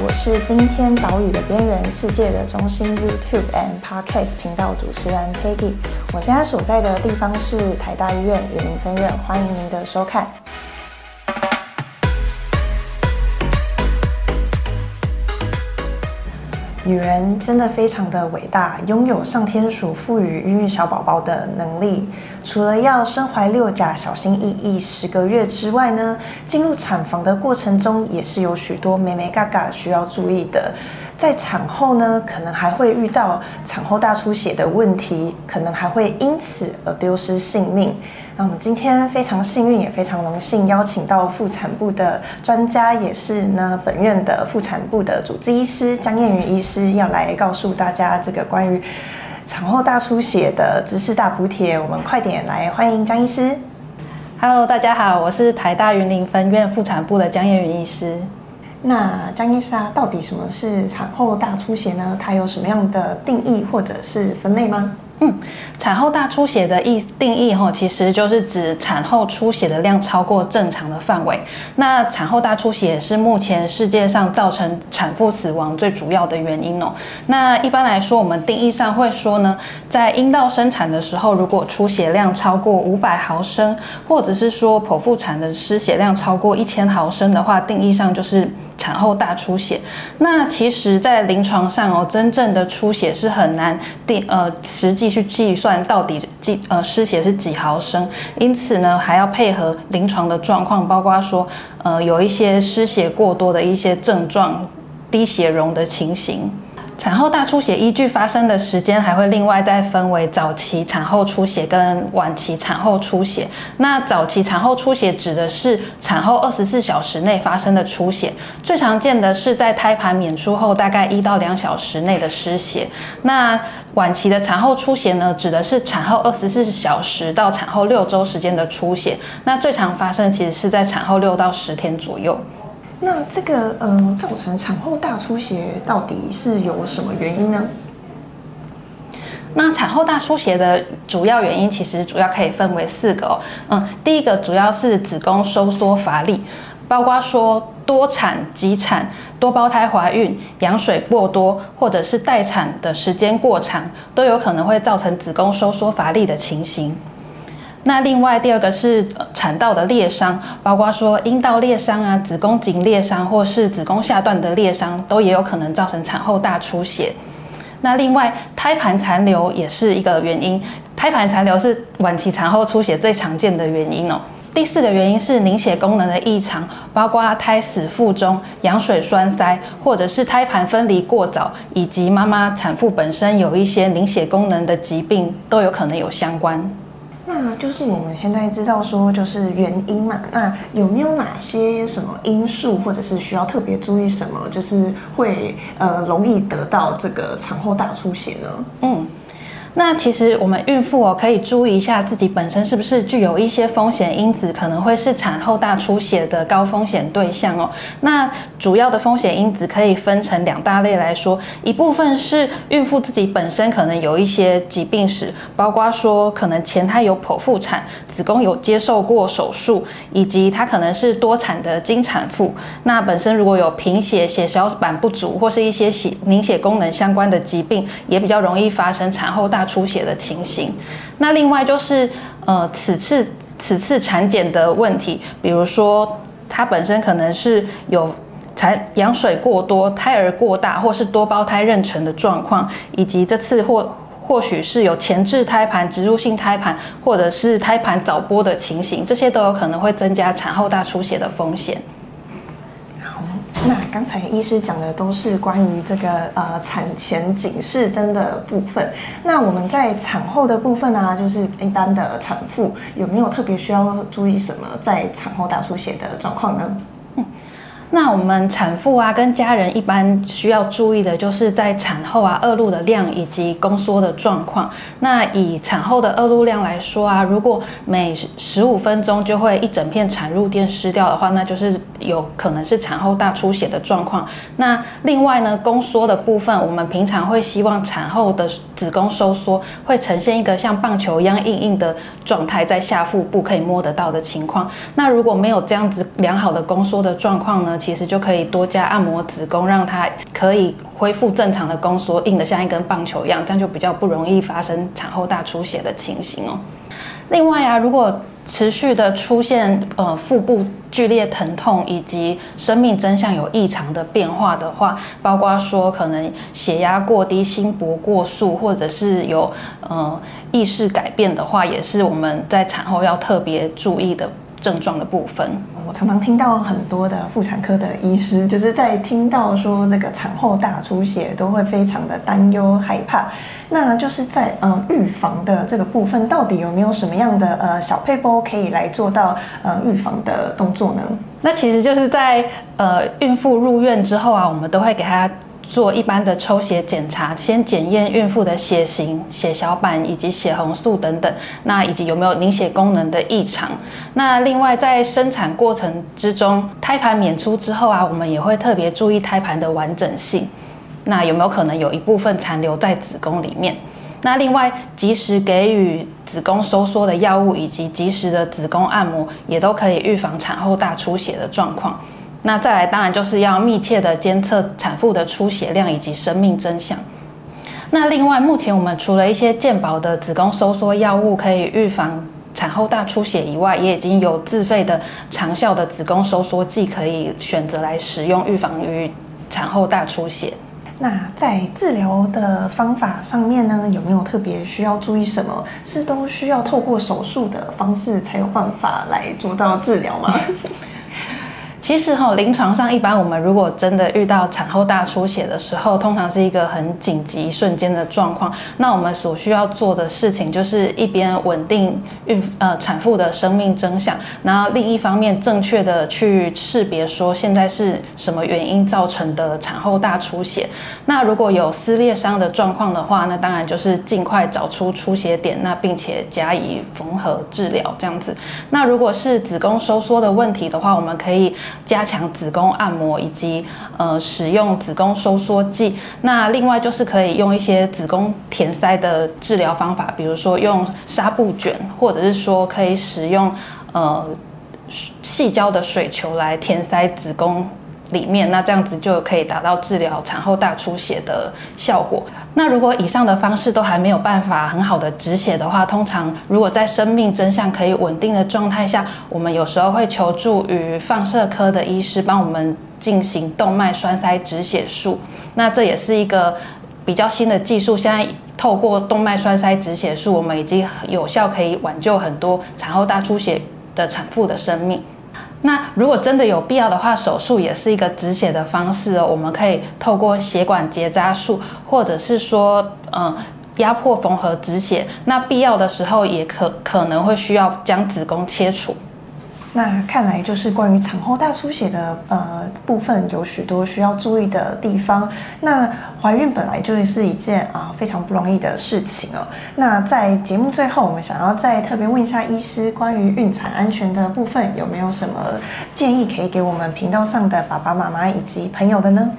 我是今天島嶼的邊緣世界的中心 YouTube and Podcast 頻道主持人 Peggy。我現在所在的地方是台大醫院雲林分院，歡迎您的收看。女人真的非常的偉大，擁有上天所賦予孕育小寶寶的能力。除了要身懷六甲、小心翼翼十個月之外呢，進入產房的過程中也是有許多“美美嘎嘎”需要注意的。在產後呢，可能還會遇到產後大出血的問題，可能還會因此而丟失性命。那我們今天非常幸運，也非常榮幸，邀請到婦產部的專家，也是呢本院的婦產部的主治醫師江彥昀醫師，要來告訴大家這個關於。產後大出血的知識大補帖我們快點來歡迎江醫師。Hello，大家好，我是台大雲林分院婦產部的江彥昀醫師。那江醫師啊，到底什麼是產後大出血呢？它有什麼樣的定義或者是分類嗎？嗯，產後大出血的意定義吼、哦，其實就是指產後出血的量超過正常的範圍。那產後大出血是目前世界上造成產婦死亡最主要的原因哦。那一般來說，我們定義上會說呢，在陰道生產的時候，如果出血量超過五百毫升，或者是說剖腹產的失血量超過一千毫升的話，定義上就是產後大出血。那其實，在臨床上哦，真正的出血是很難定，呃，實際。去計算到底幾呃，失血是幾毫升，因此呢，還要配合臨床的狀況，包括說呃有一些失血過多的一些症狀、低血容的情形。產後大出血依據發生的時間，還會另外再分為早期產後出血跟晚期產後出血。那早期產後出血指的是產後二十四小時內發生的出血，最常見的是在胎盤娩出後大概一到兩小時內的失血。那晚期的產後出血呢，指的是產後二十四小時到產後六周時間的出血，那最常發生其實是在產後六到十天左右。那這個，嗯，造成產後大出血到底是有什麼原因呢？那產後大出血的主要原因其實主要可以分為四個哦，嗯，第一個主要是子宮收縮乏力，包括說多產、急產、多胞胎懷孕、羊水過多，或者是待產的時間過長，都有可能會造成子宮收縮乏力的情形。那另外第二個是，呃，產道的裂傷，包括說陰道裂傷啊、子宮頸裂傷，或是子宮下段的裂傷，都也有可能造成產後大出血。那另外胎盤殘留也是一個原因，胎盤殘留是晚期產後出血最常見的原因哦。第四個原因是凝血功能的異常，包括胎死腹中、羊水栓塞，或者是胎盤分離過早，以及媽媽產婦本身有一些凝血功能的疾病，都有可能有相關。那就是我們現在知道說，就是原因嘛。那有沒有哪些什麼因素，或者是需要特別注意什麼，就是會呃容易得到這個產後大出血呢？嗯。那其實我們孕婦哦，可以注意一下自己本身是不是具有一些風險因子，可能會是產後大出血的高風險對象哦。那主要的風險因子可以分成兩大類來說，一部分是孕婦自己本身可能有一些疾病史，包括說可能前胎有剖腹產，子宮有接受過手術，以及她可能是多產的經產婦。那本身如果有貧血、血小板不足或是一些血凝血功能相關的疾病，也比較容易發生產後大。出血的情形，那另外就是，呃，此次此次產檢的問題，比如說它本身可能是有產羊水過多、胎兒過大，或是多胞胎妊娠的狀況，以及這次或或許是有前置胎盤、植入性胎盤，或者是胎盤早剝的情形，這些都有可能會增加產後大出血的風險。那剛才醫師講的都是關於這個呃產前警示燈的部分。那我們在產後的部分呢、啊，就是一般的產婦有沒有特別需要注意什麼在產後大出血的狀況呢？嗯那我們產婦啊，跟家人一般需要注意的就是在產後啊，惡露的量以及宮縮的狀況。那以產後的惡露量來說啊，如果每十五分鐘就會一整片產褥墊濕掉的話，那就是有可能是產後大出血的狀況。那另外呢，宮縮的部分，我們平常會希望產後的子宮收縮會呈現一個像棒球一樣硬硬的狀態，在下腹部可以摸得到的情況。那如果沒有這樣子良好的宮縮的狀況呢，其實就可以多加按摩子宮，讓它可以恢復正常的宮縮，硬的像一根棒球一樣，這樣就比較不容易發生產後大出血的情形哦。另外啊，如果持續的出現呃腹部劇烈疼痛以及生命徵象有異常的變化的話，包括說可能血壓過低、心搏過速，或者是有呃意識改變的話，也是我們在產後要特別注意的。症狀的部分，我常常聽到很多的婦產科的醫師，就是在聽到說這個產後大出血，都會非常的擔憂害怕。那就是在呃預防的這個部分，到底有沒有什麼樣的呃小撇步可以來做到呃預防的動作呢？那其實就是在呃孕婦入院之後啊，我們都會給她。做一般的抽血檢查，先檢驗孕婦的血型、血小板以及血紅素等等，那以及有沒有凝血功能的異常。那另外，在生產過程之中，胎盤娩出之後啊，我們也會特別注意胎盤的完整性，那有沒有可能有一部分殘留在子宮裡面？那另外，及時給予子宮收縮的藥物以及及時的子宮按摩，也都可以預防產後大出血的狀況。那再來，當然就是要密切的監測產婦的出血量以及生命徵象。那另外，目前我們除了一些健保的子宮收縮藥物可以預防產後大出血以外，也已經有自費的長效的子宮收縮劑可以選擇來使用，預防於產後大出血。那在治療的方法上面呢，有沒有特別需要注意什麼？是都需要透過手術的方式才有辦法來做到治療嗎？ 其實哈、哦，臨床上一般我們如果真的遇到產後大出血的時候，通常是一個很緊急瞬間的狀況。那我們所需要做的事情就是一邊穩定孕呃產婦的生命徵象，然後另一方面正確的去識別說現在是什麼原因造成的產後大出血。那如果有撕裂傷的狀況的話，那當然就是盡快找出出血點，那並且加以縫合治療這樣子。那如果是子宮收縮的問題的話，我們可以。加強子宮按摩以及呃使用子宮收縮劑，那另外就是可以用一些子宮填塞的治療方法，比如說用紗布捲，或者是說可以使用呃矽膠的水球來填塞子宮。裡面。那這樣子就可以達到治療產後大出血的效果。那如果以上的方式都還沒有辦法很好的止血的話，通常如果在生命徵象可以穩定的狀態下，我們有時候會求助於放射科的醫師幫我們進行動脈栓塞止血術。那這也是一個比較新的技術。現在透過動脈栓塞止血術，我們已經有效可以挽救很多產後大出血的產婦的生命。那如果真的有必要的話，手術也是一個止血的方式哦。我們可以透過血管結紮術，或者是說，嗯、呃，壓迫縫合止血。那必要的時候，也可可能會需要將子宮切除。那看來就是關於產後大出血的呃部分有許多需要注意的地方。那懷孕本來就是一件啊、呃、非常不容易的事情哦、喔。那在節目最後，我們想要再特別問一下醫師，關於孕產安全的部分有沒有什麼建議可以給我們頻道上的爸爸媽媽以及朋友的呢？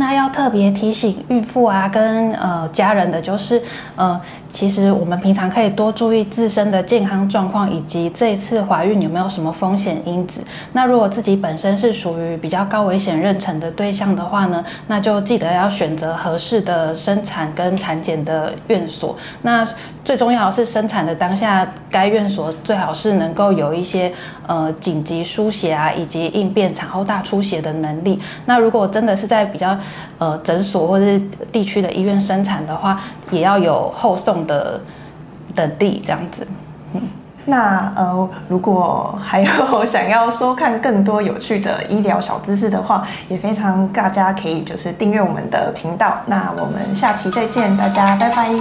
那要特別提醒孕婦啊，跟呃家人的就是，呃，其實我們平常可以多注意自身的健康狀況，以及這一次懷孕有沒有什麼風險因子。那如果自己本身是屬於比較高危險妊娠的對象的話呢，那就記得要選擇合適的生產跟產檢的院所。那最重要的是生產的當下，該院所最好是能夠有一些呃緊急輸血啊，以及應變產後大出血的能力。那如果真的是在比較呃，診所或者是地區的醫院生產的話，也要有後送的等地這樣子。嗯，那呃，如果還有想要收看更多有趣的醫療小知識的話，也非常大家可以就是訂閱我們的頻道。那我們下期再見，大家拜拜。